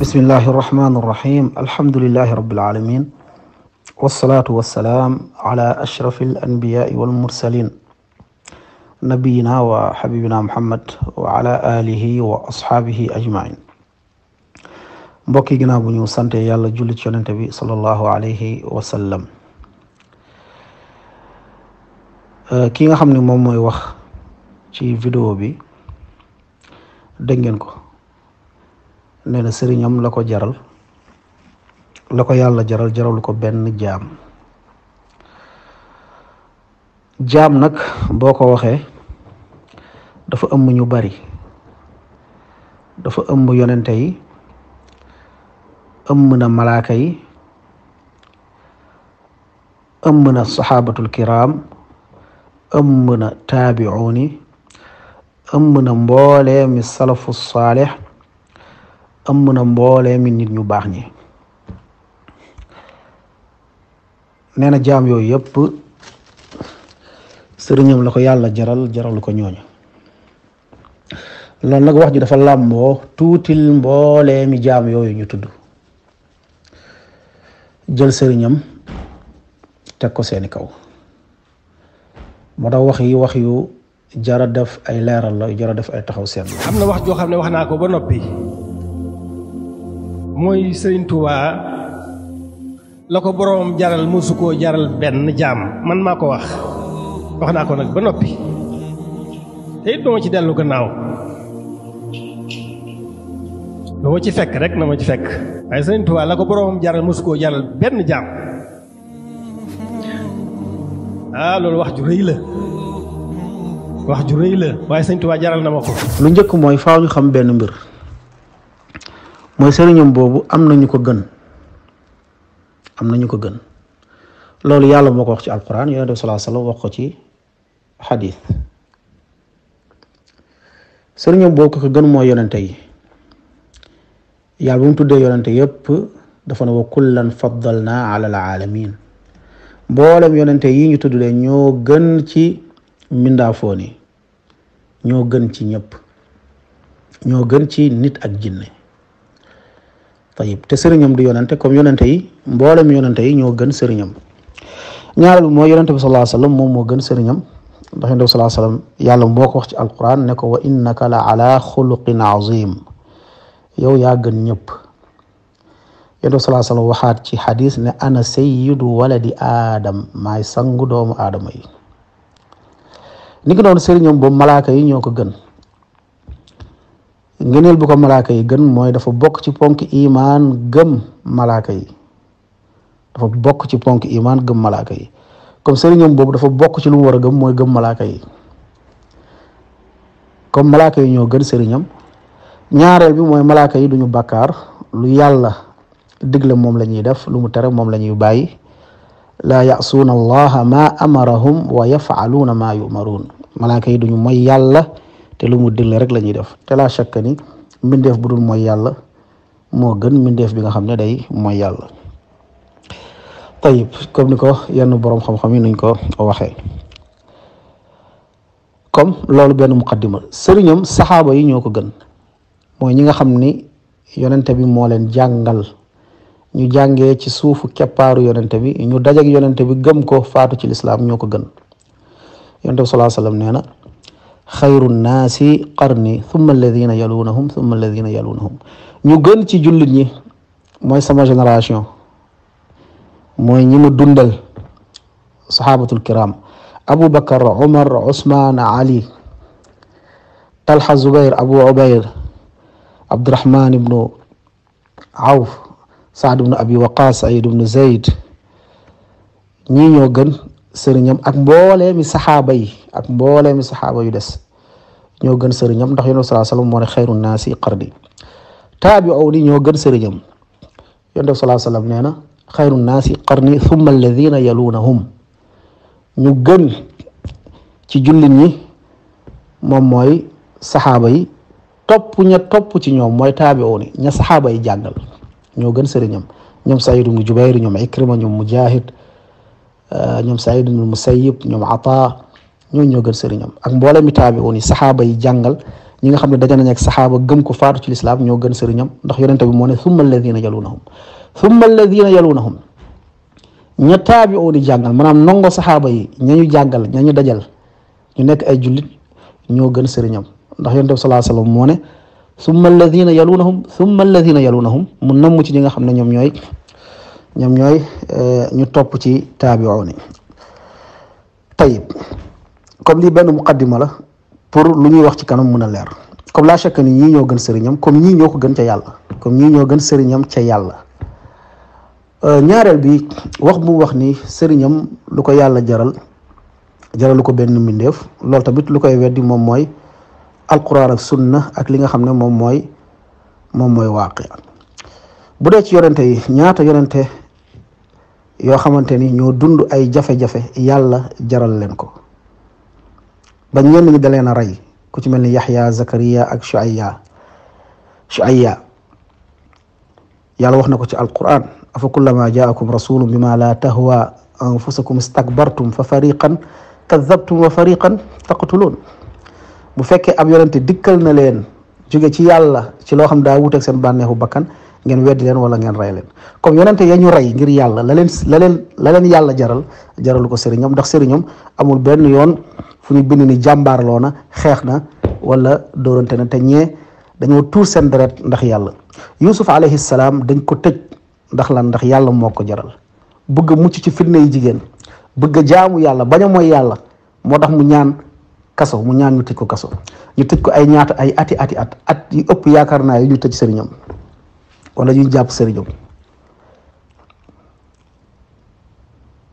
بسم الله الرحمن الرحيم الحمد لله رب العالمين والصلاة والسلام على أشرف الأنبياء والمرسلين نبينا وحبيبنا محمد وعلى آله وأصحابه أجمعين بوكي ginnaaw bu ñu sante yàlla jullit صلى الله عليه وسلم wa sallam euh, ki nga xam ne moom mooy nee na sëriñam la ko jaral la ko yàlla jaral jaral ko benn jaam jaam nag boo ko waxee dafa ëmb ñu bari dafa ëmb yonente yi ëmb na malaaka yi ëmb na saxaabatul kiraam ëmb na taabicuuni ëmb na mboole mbooleemi salafu saalix ëmm na mboolee mi nit ñu baax ñi nee na jaam yooyu yépp sëriñam la ko yàlla jaral jaral ko ñooñu loolu nag wax ji dafa làmboo tuutil mboolee mi jaam yooyu ñu tudd jël sëriñam teg ko seeni kaw moo tax wax yi wax yu jara def ay leeral la jara def ay taxaw seen am na wax joo xam ne wax naa ko ba noppi mooy sëriñ Tuubaa la ko boroom jaral mosu koo jaral benn jaam man maa ko wax wax naa ko nag ba noppi te it duma ci dellu gannaaw lu ci fekk rek na ma ci fekk waaye sëriñ la ko boroom jaral mosu koo jaral benn jaam ah loolu wax ju rëy la wax ju rëy la waaye sëriñ Tuubaa jaral na ma ko lu njëkk mooy faaw ñu xam benn mbir mooy sëriñam boobu am nañu ko gën am nañu ko gën loolu yàlla moo ko wax ci alquran yonent bi salaa sallam wax ko ci xadis sëriñam boobu ko gën mooy yonente yi yàlla bu mu tuddee yonente yépp dafa ne wa kullan faddalna ala alaalamin mboolem yi ñu tuddlee ñoo gën ci mbindaafoon yi ñoo gën ci ñëpp ñoo gën ci nit ak jinne tayib te sëriñam di yonante comme yonante yi mboolem yonante yi ñoo gën sëriñam ñaareel mooy yonante bi sallallahu alayhi moom moo gën sëriñam ndax yonante bi sallallahu alayhi wa yàlla moo ko wax ci alquran ne ko wa innaka la ala xuluqin azim yow ya gën ñëpp yonante bi sallallahu alayhi wa sallam waxaat ci xadis ne ana sayyidu waladi aadam maay sangu doomu aadama yi ni ko doon bo boobu malaaka yi ñoo ko gën ngëneel bu ko malaaka yi gën mooy dafa bokk ci ponk imaan gëm malaaka yi dafa bokk ci ponk imaan gëm malaaka yi comme sëriñam boobu dafa bokk ci lu mu war a gëm mooy gëm malaaka yi comme malaaka yi ñoo gën sëriñam ñaareel bi mooy malaaka yi duñu bàkkaar lu yàlla digle moom la ñuy def lu mu tere moom la ñuy bàyyi laa ya'suuna allaha ma amarahum wa yafaaluuna ma yumaruun malaaka yi duñu mooy yàlla te lu mu digle rek lañuy def te laa shakka ni mbindeef bu dul mooy yàlla moo gën mbindeef bi nga xam ne day mooy yàlla tayib comme ni ko yenn boroom xam-xam yi nuñ ko waxee comme loolu benn muqaddima sëriñam saxaaba yi ñoo ko gën mooy ñi nga xam ni yonente bi moo leen jàngal ñu jàngee ci suufu keppaaru yonente bi ñu dajak yonente bi gëm ko faatu ci lislaam ñoo ko gën yonente bi sallallahu alayhi wasallam nee na xayru nnaasi qarni thumma alladina yalunahum thumma alladina yalunahum ñu gën ci jullit ñi mooy sama génération mooy ñi ma dundal saxaabatul kiram abu bakar umar usman ali talha zubair abu ubair abdurahman ibnu awf saad ibnu abi waqas said ibnu zayd ñii ñoo gën sëriñam ak mboolee mi saxaaba yi ak mbooleemi saxaaba yu des ñoo gën sëriñam ndax yonent bi sallallahu alayhi wasallam moo ne xayru naasi qarni taabi'uun yi ñoo gën sëriñam yonent bi sallallahu alayhi wasallam nee na xayru naasi qarni thumma alladhina yalunahum ñu gën ci jullit ñi moom mooy saxaaba yi topp ña topp mooy taabi'uun yi ña jàngal ñoo gën sëriñam ñoom Saïd ibn Jubayr ñoom Ikrima ñoom Mujahid ñoom Saïd ibn Musayyib ñoom Ataa ñoo ñoo gën sëriñam ak mboolem mi taabi woon yi saxaaba yi jàngal ñi nga xam ne daja nañ ak saxaaba gëm ko faatu ci lislaam ñoo gën sëriñam ndax yonente bi moo ne summa alladina yalunahum summa alladina yalunahum ña taabi woon yi jàngal maanaam nongo saxaaba yi ñañu jàngal ñañu dajal ñu nekk ay jullit ñoo gën sëriñam ndax yonente bi salaa sallam moo ne summa alladina yalunahum summa alladina yalunahum mu namm ci ñi nga xam ne ñoom ñooy ñoom ñooy eh, ñu topp ci taabi woon yi tayib comme lii benn muqaddima la pour lu ñuy wax ci kanam mën a leer comme laa chaque ni ñii ñoo gën sëriñam comme ñii ñoo ko gën ca yàlla comme ñii ñoo gën sëriñam ca yàlla euh, ñaareel bi wax mu wax ni sëriñam lu ko yàlla jaral jaralu ko benn mbindeef loolu tamit lu koy weddi moom mooy alquran ak sunna ak li nga xam ne moom mooy moom mooy waaqi bu dee ci yonente ñaata yonente yoo xamante ni ñoo dund ay jafe-jafe yàlla jaral leen ko ba ñenn ñi dalena ray a ku ci melni yahya zakariya ak shuayya shuayya yalla wax nako ci alquran afa kullama jaakum rasulun bima la tahwa anfusakum istakbartum fa fariqan kadhabtum wa fariqan taqtulun bu fekke ab yonente dikkal na len joge ci yalla ci lo xam wut ak sen banexu bakkan ngeen wedd len wala ngeen ray len comme yonente yañu ray ngir yalla la len la len la len yalla jaral jaralu ko sëriñam ndax sëriñam amul ben yoon fu ñu bind ni jàmbaarloo na xeex na wala dóorante na te ñee dañoo tuur seen deret ndax yàlla yusuf alayhi salaam dañ ko tëj ndax lan ndax yàlla moo ko jaral bëgg mucc ci fitna yi jigéen bëgg a jaamu yàlla bañ mooy yàlla moo tax mu ñaan kaso mu ñaan ñu tëj ko kaso ñu tëj ko ay ñaata ay ati ati at at yu ëpp yaakaar naa yi ñu tëj sëriñam wala ñuy jàpp sëriñam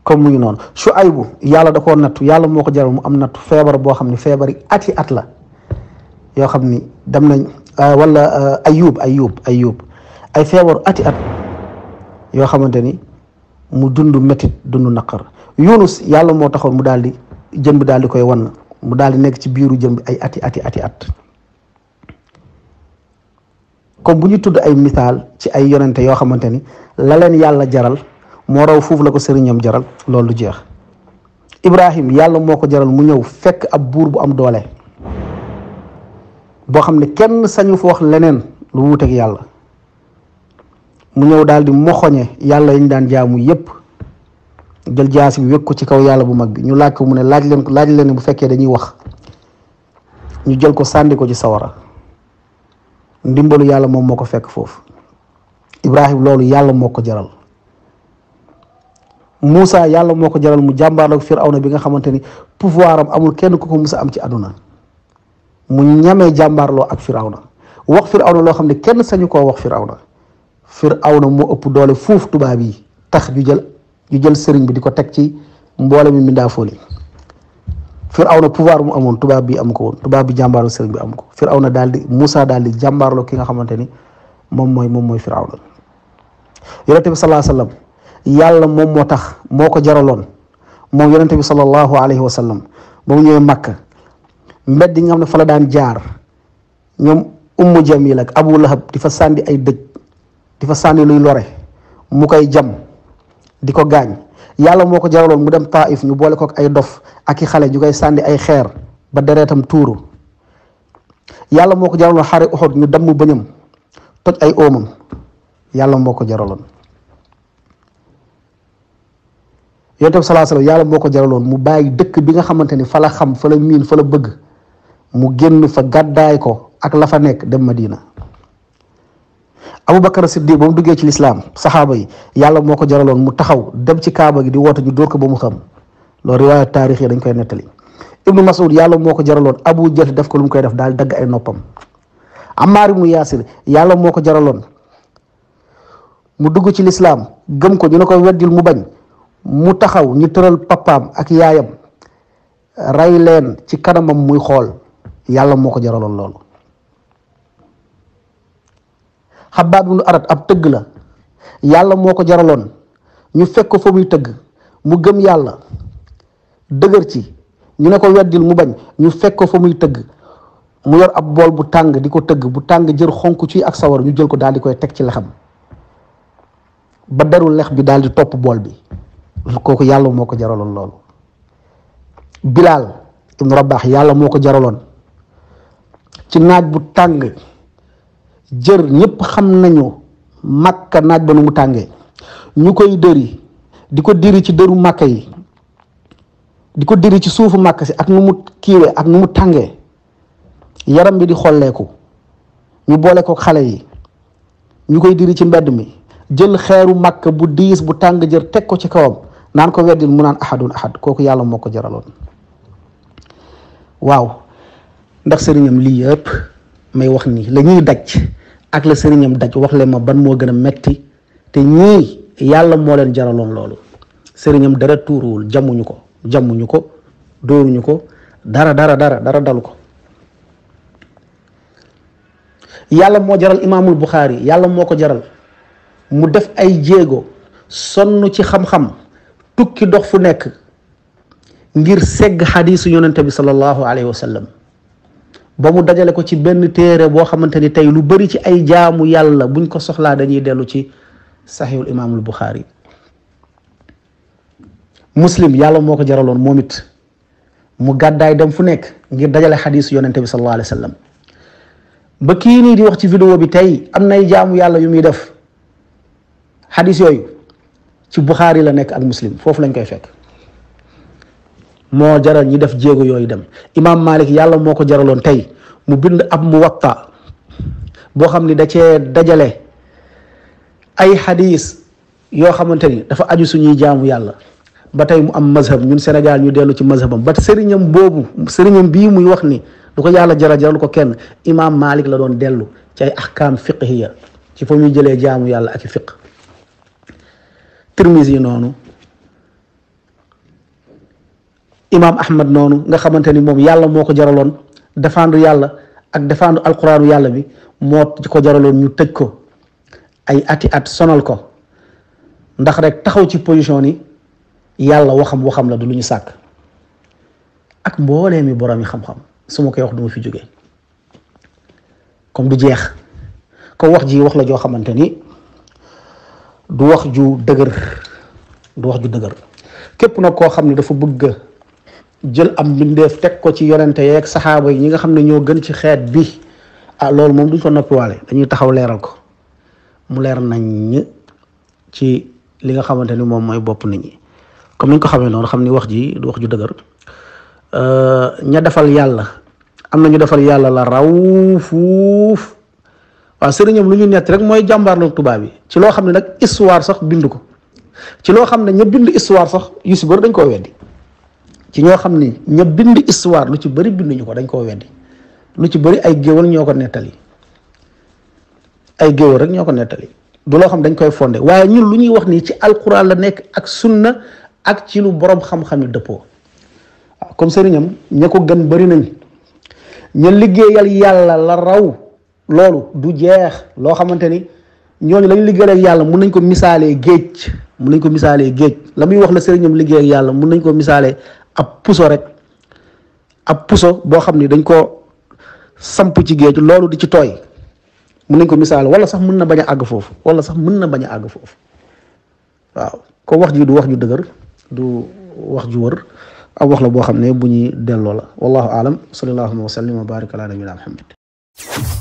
comme mu ngi noonu su aybu yàlla da koo nattu yàlla moo ko jaral mu am nattu feebar boo xam ne feebar yi at yi at la yoo xam ni dem nañ euh, wala euh, ayub ayub ayub ay feebaru ati at yoo xamante ni mu dund métit dund naqar yunus yàlla moo taxoon mu daal di jëmb daal di koy wan mu daal di nekk ci biiru jëmb ay ati ati ati at comme bu ñu tudd ay misaal ci ay yonente yoo xamante ni laleen leen yàlla jaral moo raw foofu la ko sëriñam jaral loolu du jeex Ibrahim yàlla moo ko jaral mu ñëw fekk ab buur bu am doole boo xam ne kenn sañu fa wax leneen lu wuuteeg yàlla mu ñëw daal di moxoñe yàlla yañ daan jaamu yépp jël jaasi bi wékk ci kaw yàlla bu mag bi ñu laaj ko mu ne laaj leen ko laaj leen bu fekkee dañuy wax ñu jël ko sànni ko ci sawara ndimbalu yàlla moom moo ko fekk foofu Ibrahim loolu yàlla moo ko jaral. Moussa yàlla moo ko jaral mu jàmbaarloog Firawna bi nga xamante ni pouvoir am amul kenn ku ko mus a am ci àdduna mu ñamee jàmbaarloo ak Firawna wax Firawna loo xam ne kenn sañu koo wax Firawna Firawna mu ëpp doole foofu tubaab yi tax ñu jël ñu jël sëriñ bi di ko teg ci mboole mi mindaafool yi Firawna pouvoir mu amoon tubaab bi am ko woon tubaab bi jàmbaarloo sëriñ bi am ko Firawna daal di Moussa daal di jàmbaarloo ki nga xamante ni moom mooy moom mooy Firawna yonent bi sallallahu alayhi yàlla moom moo tax moo ko jaraloon moom yonente bi sallallahu alayhi wa sallam ba mu ñëwee Makka mbedd nga xam ne fa daan jaar ñoom ummu jamil ak abu lahab di fa sànni ay dëj di fa sànni luy lore mu koy jam di ko gaañ yàlla moo ko jaraloon mu dem taif ñu boole ko ay dof aki xale ñu koy sànni ay xeer ba dereetam tuuru yàlla moo ko jaraloon xare uxud ñu damm bëñam toj ay oomam yàlla moo ko jaraloon yonent bi salaa salaam yàlla moo ko jaraloon mu bàyyi dëkk bi nga xamante ni fa la xam fa la miin fa la bëgg mu génn fa gàddaay ko ak la fa nekk dem Madina Aboubacar Siddiq ba mu duggee ci lislaam saxaaba yi yàlla moo ko jaraloon mu taxaw dem ci kaaba gi di woote ñu dóor ba mu xam loolu riwaaya dañ koy nettali Ibnu yàlla moo ko jaraloon Abu Jahl def ko lu koy def daal dagg ay noppam Ammaar ibnu Yaasir yàlla moo ko jaraloon mu dugg ci lislaam gëm ko ñu ne ko weddil mu bañ mu taxaw ñu tëral papaam ak yaayam rey leen ci kanamam muy xool yàlla moo ko jaraloon loolu xabaat bu nu arat ab tëgg la yàlla moo ko jaraloon ñu fekk ko fa muy tëgg mu gëm yàlla dëgër ci ñu ne ko weddil mu bañ ñu fekk ko fa muy tëgg mu yor ab bool bu tàng di ko tëgg bu tàng jër xonk ci ak sawar ñu jël ko daal di koy teg ci lexam ba derul lex bi daal di topp bool bi kooku yàlla moo ko jaraloon loolu bilal ibnu rabax yàlla moo ko jaraloon ci naaj bu tàng jër ñëpp xam nañu màkka naaj ba nu mu tàngee ñu koy dëri di ko diri ci dëru màkka yi di ko diri ci suufu màkk si ak nu mu kiiwee ak nu mu tàngee yaram bi di xolleeku ñu boole ko xale yi ñu diri ci mbedd mi jël xeeru màkk bu diis bu tàng jër teg ko ci kawam naan ko weddil mu naan ahadun ahad kooku yàlla moo ko jaraloon waaw ndax sëriñam lii yëpp may wax ni la ñuy daj ak la sëriñam daj wax leen ma ban moo gën a metti te ñii yàlla moo leen jaraloon loolu sëriñam dara tuuruwul jamuñu ko jamuñu ko dóoruñu ko dara dara dara dara dalu ko yàlla moo jaral imaamul buxaari yàlla moo ko jaral mu def ay jéego sonn ci xam-xam tukki dox fu nekk ngir segg xadiisu yonente bi sallallahu alayhi wa sallam ba mu dajale ko ci benn téere boo xamante ni tey lu bari ci ay jaamu yàlla buñ ko soxlaa dañuy dellu ci saxiihul imaamul buxaari muslim yàlla moo ko jaraloon moom it mu gàddaay dem fu nekk ngir dajale xadiisu yoonante bi sallallahu alayhi wa sallam ba kii nii di wax ci vidéo bi tey am nay jaamu yàlla yu muy def xadiis yooyu su Buxaari la nekk ak muslim foofu lañ koy fekk moo jaral ñi def jéego yooyu dem imaam Malik yàlla moo ko jaraloon tey mu bind ab muwatta boo xam ni da cee dajale ay xadiis yoo xamante ni dafa aju suñuy jaamu yàlla ba tey mu am mazhab ñun Sénégal ñu dellu ci mazhabam ba sëriñam boobu sëriñam bii muy wax ni du ko yàlla jaral jaral ko kenn imaam Malik la doon dellu ci ay ahkaam fiqhiya ci fa ñuy jëlee jaamu yàlla ak fiq ترمزي نونو امام احمد نونو nga xamanteni mom yàlla moko jaralon defandu yàlla ak defandu alquran yàlla bi moo ko jaralon ñu tejj ko ay ati at sonal ko ndax rek taxaw ci position ni yàlla waxam waxam la du luñu sak ak mbolé mi borom yi xam-xam suma koy wax duma fi jógee comme du jeex ko wax ji wax la jo xamanteni du wax ju dëgër du wax ju dëgër kep na ko xam dafa bëgg jël am mbindeef tek ko ci yonente yeek sahaba yi nga xam ne ñoo gën ci xéet bi ah lool mom duñ ko walé dañuy taxaw léral ko mu lér nañ ci li nga xamanteni mom moy bop nit ñi comme niñ ko xamé non xamni wax ji du wax ju euh ña defal yalla amna ñu defal yalla la rawfuf wa serigne lu ñu nett rek jambar lu tuba bi ci lo xamne nak histoire sax bindu ko ci lo xamne ñe bindu histoire sax yu si bëri dañ ko wéddi ci ño xamne ñe bindu histoire lu ci bari bindu ñuko dañ ko wéddi lu ci bari ay geewal ñoko netali ay geewal rek ñoko netali du lo xam dañ koy fondé waye ñun lu ñuy wax ni ci alquran la nek ak sunna ak ci lu borom xam-xam depo comme sëriñam ñako gën bari nañ ñe liggéeyal yalla la raw loolu du jeex loo xamante ni ñooñu lañu liggéeyal ak yàlla mun nañ ko misaalee géej mun nañ ko misaalee géej la muy wax la sëriñam liggéey yàlla mun nañ ko misaalee ab puso rek ab puso boo xam ni dañ koo samp ci géej loolu di ci tooy mun nañ ko misaale wala sax mën na bañ àgg foofu wala sax mën na bañ àgg foofu waaw ko wax ji du wax ju dëgër du wax ju wër ab wax la boo xam ne bu ñuy delloo la wallahu alam sallallahu wa sallim wa barik ala nabina muhammad